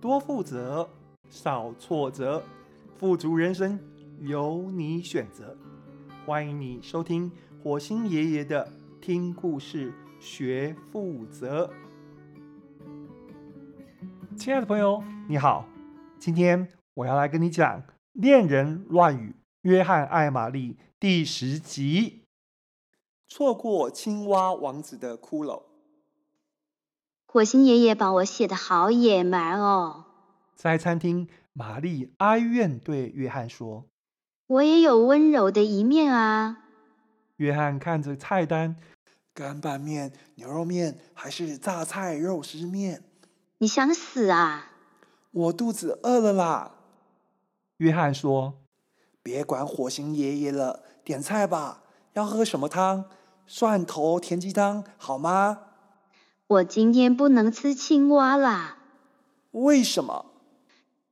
多富擇，少挫折，富足人生由你選擇。歡迎你收聽火星爺爺的聽故事學富擇。親愛的朋友，你好，今天我要來跟你講《戀人亂語》約翰愛瑪麗第十集，錯過青蛙王子的骷髏。火星爺爺把我寫得好野蠻哦。在餐廳，瑪麗哀怨對約翰說：“我也有溫柔的一面啊。”約翰看着菜單：“乾拌麵、牛肉麵還是榨菜肉絲麵？”你想死啊！我肚子餓了啦。約翰說：“別管火星爺爺了，點菜吧。要喝什麼湯？蒜頭田雞湯好嗎？”我今天不能吃青蛙啦。為什麼？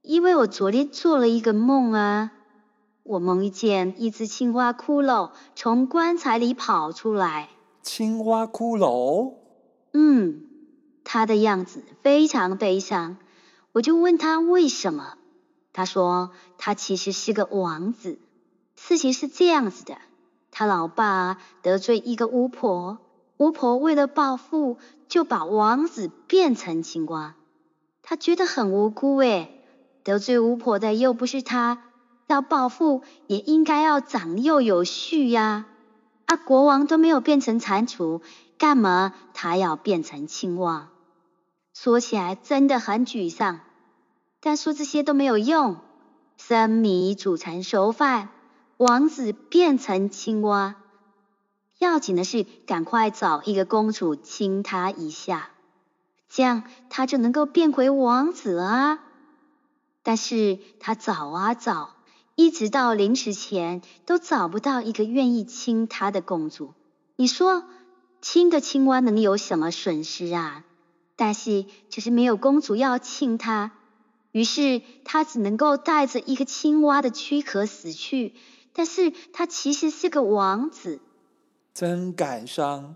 因為我昨天做了一個夢啊，我夢見一只青蛙骷髏從棺材裡跑出來。青蛙骷髏？嗯，他的樣子非常悲傷。我就問他為什麼，他說他其實是個王子。事情是這樣子的，他老爸得罪一個巫婆。巫婆為了報復，就把王子變成青蛙。他覺得很無辜，誒，得罪巫婆的又不是他，要報復也應該要長幼有序呀！啊，國王都沒有變成蟾蜍，幹嘛他要變成青蛙？說起來真的很沮喪，但說這些都沒有用。生米煮成熟飯，王子變成青蛙。要緊的是，趕快找一個公主親他一下，這樣他就能夠變回王子啊。但是他找啊找，一直到臨死前都找不到一個願意親他的公主。你說，親個青蛙能有什麼損失啊？但是就是沒有公主要親他，於是他只能夠帶着一個青蛙的軀殼死去。但是他其實是個王子。真感傷。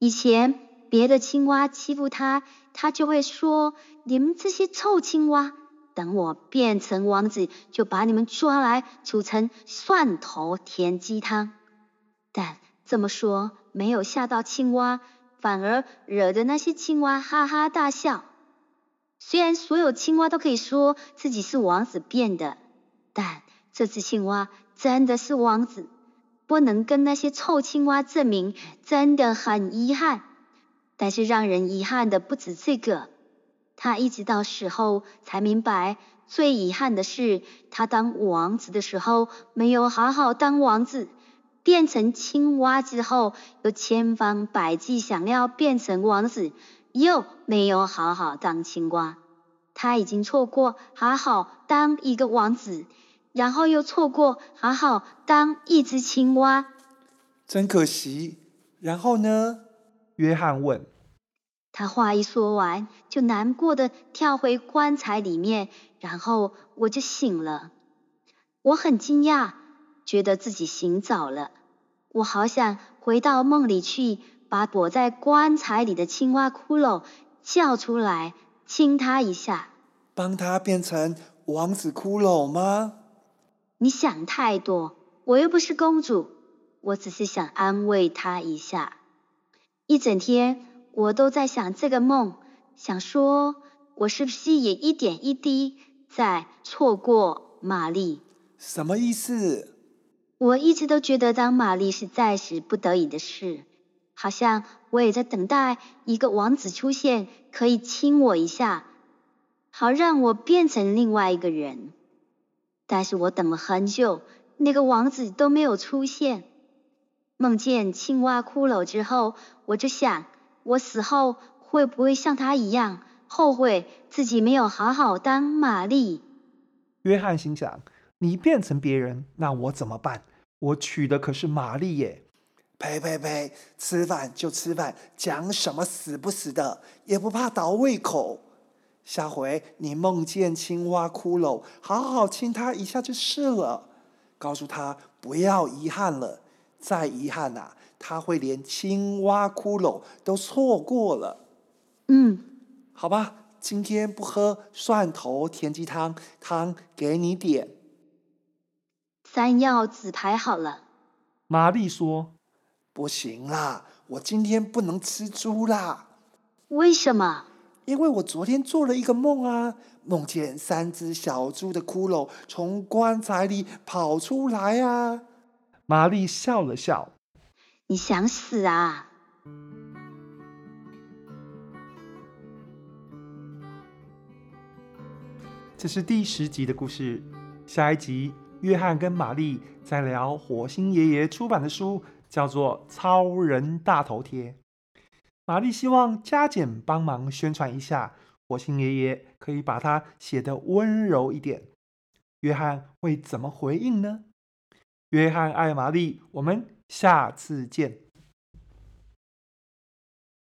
以前別的青蛙欺負他，他就會說：“你們這些臭青蛙，等我變成王子，就把你們抓來煮成蒜頭田雞湯。但”但這麼說沒有嚇到青蛙，反而惹得那些青蛙哈哈大笑。雖然所有青蛙都可以說自己是王子變的，但這隻青蛙真的是王子。不能跟那些臭青蛙證明，真的很遺憾。但是讓人遺憾的不止這個，他一直到死後才明白，最遺憾的是，他當王子的時候沒有好好當王子，變成青蛙之後又千方百計想要變成王子，又沒有好好當青蛙。他已經錯過好好當一個王子。然後又錯過，好好當一隻青蛙，真可惜。然後呢？約翰問。他話一說完，就難過地跳回棺材裡面。然後我就醒了，我很驚訝，覺得自己醒早了。我好想回到夢裡去，把躲在棺材裡的青蛙骷髏叫出來，親他一下，幫他變成王子骷髏嗎？你想太多，我又不是公主，我只是想安慰她一下。一整天我都在想這個夢，想說我是不是也一點一滴在錯過瑪麗？什麼意思？我一直都覺得當瑪麗是暫時不得已的事，好像我也在等待一個王子出現，可以親我一下，好讓我變成另外一個人。但是我等了很久，那個王子都沒有出現。夢見青蛙骷髏之後，我就想，我死後會不會像他一樣，後悔自己沒有好好當瑪麗？約翰心想：你變成別人，那我怎麼辦？我娶的可是瑪麗耶！呸呸呸！吃飯就吃飯，講什麼死不死的，也不怕倒胃口。下回你夢見青蛙骷髏，好好親他一下就是了。告訴他不要遺憾了，再遺憾吶、啊，他會連青蛙骷髏都錯過了。嗯，好吧，今天不喝蒜頭田雞湯，湯給你點。山藥紫排好了。瑪麗說：“不行啦，我今天不能吃豬啦。”為什麼？因為我昨天做了一個夢啊，夢見三隻小豬的骷髏從棺材裡跑出來啊。瑪麗笑了笑：“你想死啊？”這是第十集的故事。下一集，約翰跟瑪麗在聊火星爺爺出版的書，叫做《超人大頭貼》。瑪麗希望加減幫忙宣傳一下火星爺爺，可以把它寫得溫柔一點。約翰會怎麼回應呢？約翰愛瑪麗，我們下次見。